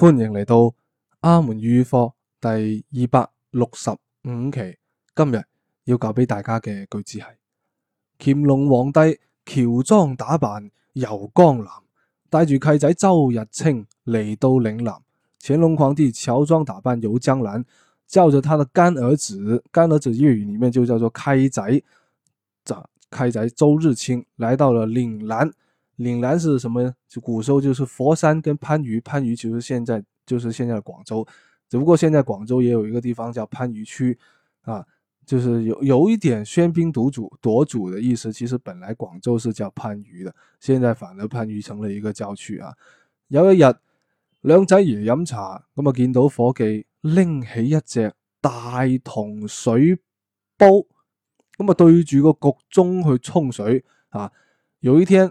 歡迎嚟到阿門粵語課第二百六十五期。今日要教俾大家嘅句子係：乾隆皇帝喬裝打扮遊江南，帶住契仔周日清嚟到嶺南。乾隆皇帝喬裝打扮遊江南，叫着他的乾兒子，乾兒子粵語裏面就叫做契仔，咋契仔周日清來到了嶺南。嶺南是什麼？就古時候就是佛山跟番禺，番禺其實現在就是現在的廣、就是、州，只不過現在廣州也有一個地方叫番禺區，啊，就是有有一點喧賓奪主奪主的意思。其實本來廣州是叫番禺的，現在反而番禺成了一個郊區啊。有一日，兩仔爺飲茶，咁啊見到伙計拎起一隻大銅水煲，咁啊對住個焗盅去沖水啊。有一天。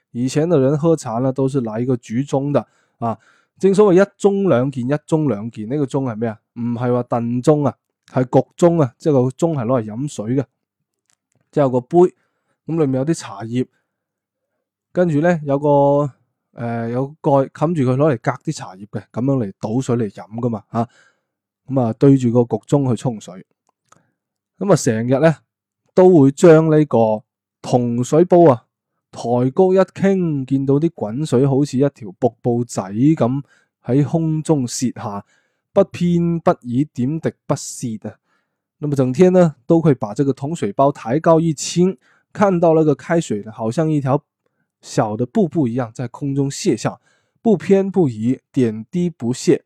而且以前的人喝茶咧，都是拿一個煮盅的啊，正所謂一盅兩件，一盅兩件，呢、這個盅係咩啊？唔係話燉盅啊，係焗盅啊，即係個盅係攞嚟飲水嘅，即係有個杯，咁裏面有啲茶葉，跟住咧有個誒、呃、有個蓋冚住佢，攞嚟隔啲茶葉嘅，咁樣嚟倒水嚟飲噶嘛，吓、啊，咁、嗯、啊對住個焗盅去沖水，咁啊成日咧都會將呢個銅水煲啊。抬高一傾，見到啲滾水好似一條瀑布仔咁喺空中瀉下，不偏不倚，點滴不泄啊，那麼整天呢，都會把這個銅水煲抬高一傾，看到那個開水好像一條小的瀑布一樣，在空中瀉下，不偏不倚，點滴不泄。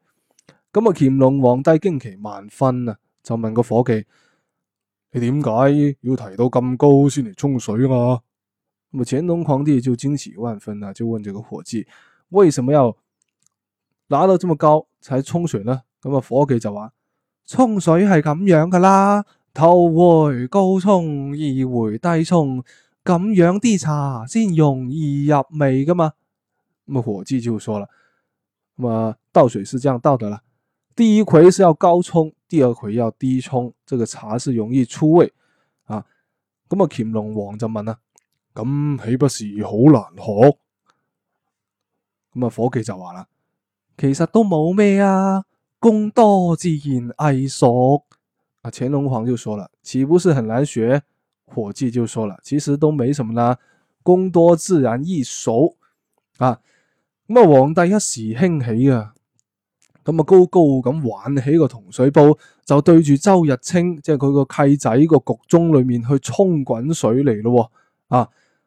咁啊，乾隆皇帝驚奇萬分啊，就問個伙計：你點解要提到咁高先嚟沖水啊？那乾隆皇帝就驚喜萬分呢、啊，就問這個伙計：“為什麼要拿到這麼高才沖水呢？”那麼伙計就話沖水係咁樣噶啦，頭回高沖，二回低沖，咁樣啲茶先容易入味噶嘛？那麼伙計就說了：“那麼倒水是這樣倒的啦，第一回是要高沖，第二回要低沖，這個茶是容易出味啊。”那麼乾隆王就問呢？咁豈不是好難學？咁啊夥計就話啦，其實都冇咩啊，工多自然藝熟。啊乾隆皇就說啦，豈不是很難學？夥計就說了，其實都沒什麼啦、啊、工多自然藝熟。啊咁啊，皇帝一時興起啊，咁啊高高咁挽起個銅水煲，就對住周日清，即係佢個契仔個焗盅裏面去沖滾水嚟咯啊！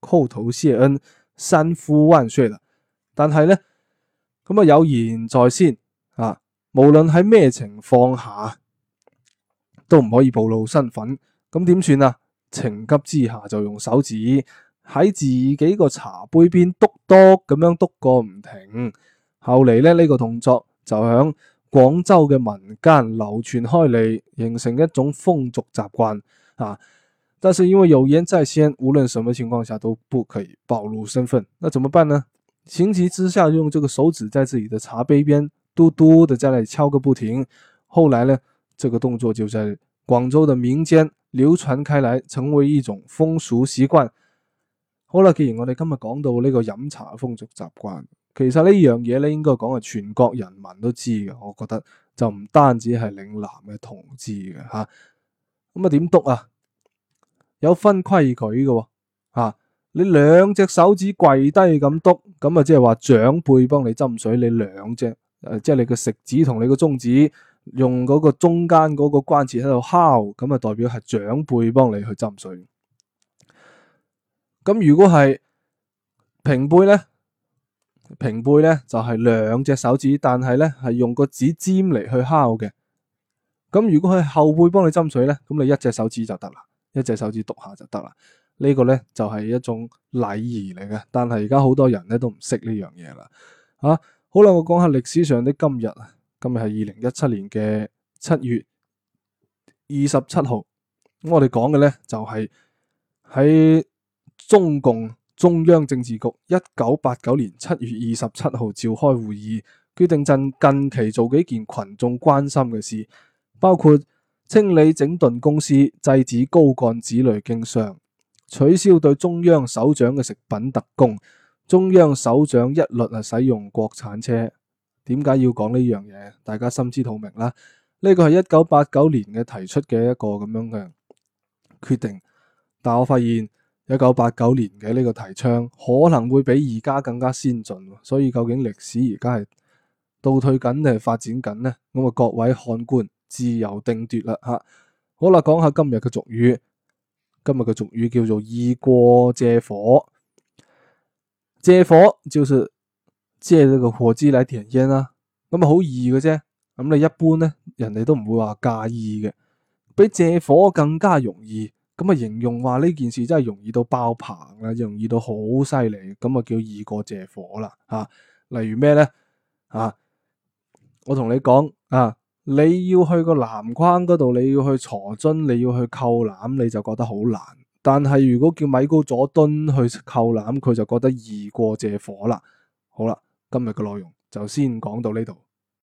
叩頭謝恩，山呼萬歲啦！但係咧，咁啊，有言在先啊，無論喺咩情況下，都唔可以暴露身份。咁點算啊？情急之下就用手指喺自己個茶杯邊篤篤咁樣篤個唔停。後嚟咧，呢個動作就響廣州嘅民間流傳開嚟，形成一種風俗習慣啊！但是因為有言在先，無論什麼情況下都不可以暴露身份，那怎麼辦呢？情急之下用這個手指在自己的茶杯邊嘟嘟的在那裏敲個不停。後來呢，這個動作就在廣州的民間流傳開來，成為一種風俗習慣。好啦，既然我哋今日講到呢個飲茶風俗習慣，其實呢樣嘢呢應該講係全國人民都知嘅，我覺得就唔單止係嶺南嘅同志嘅吓。咁啊，點讀啊？有分規矩嘅，吓、啊、你兩隻手指跪低咁篤，咁啊即係話長輩幫你斟水，你兩隻誒，即、啊、係、就是、你個食指同你個中指用嗰個中間嗰個關節喺度敲，咁啊代表係長輩幫你去斟水。咁如果係平輩咧，平輩咧就係、是、兩隻手指，但係咧係用個指尖嚟去敲嘅。咁如果係後輩幫你斟水咧，咁你一隻手指就得啦。一隻手指篤下就得啦，這個、呢個咧就係、是、一種禮儀嚟嘅，但係而家好多人咧都唔識呢樣嘢啦，啊，好啦，我講下歷史上的今日，今日係二零一七年嘅七月二十七號，咁我哋講嘅咧就係、是、喺中共中央政治局一九八九年七月二十七號召開會議，決定盡近期做幾件群眾關心嘅事，包括。清理整頓公司，制止高幹子女經商，取消對中央首長嘅食品特供，中央首長一律係使用國產車。點解要講呢樣嘢？大家心知肚明啦。呢個係一九八九年嘅提出嘅一個咁樣嘅決定。但我發現一九八九年嘅呢個提倡可能會比而家更加先進。所以究竟歷史而家係倒退緊定係發展緊呢？咁啊，各位看官。自由定奪啦吓、啊，好啦，講下今日嘅俗語。今日嘅俗語叫做易過借火，借火就係借呢個火之來填煙啦。咁啊好易嘅啫，咁你一般咧，人哋都唔會話介意嘅。比借火更加容易，咁啊形容話呢件事真係容易到爆棚啦，容易到好犀利，咁啊叫易過借火啦啊。例如咩咧啊？我同你講啊。你要去個籃框嗰度，你要去鋤樽，你要去扣籃，你就覺得好難。但係如果叫米高佐敦去扣籃，佢就覺得易過借火啦。好啦，今日嘅內容就先講到呢度。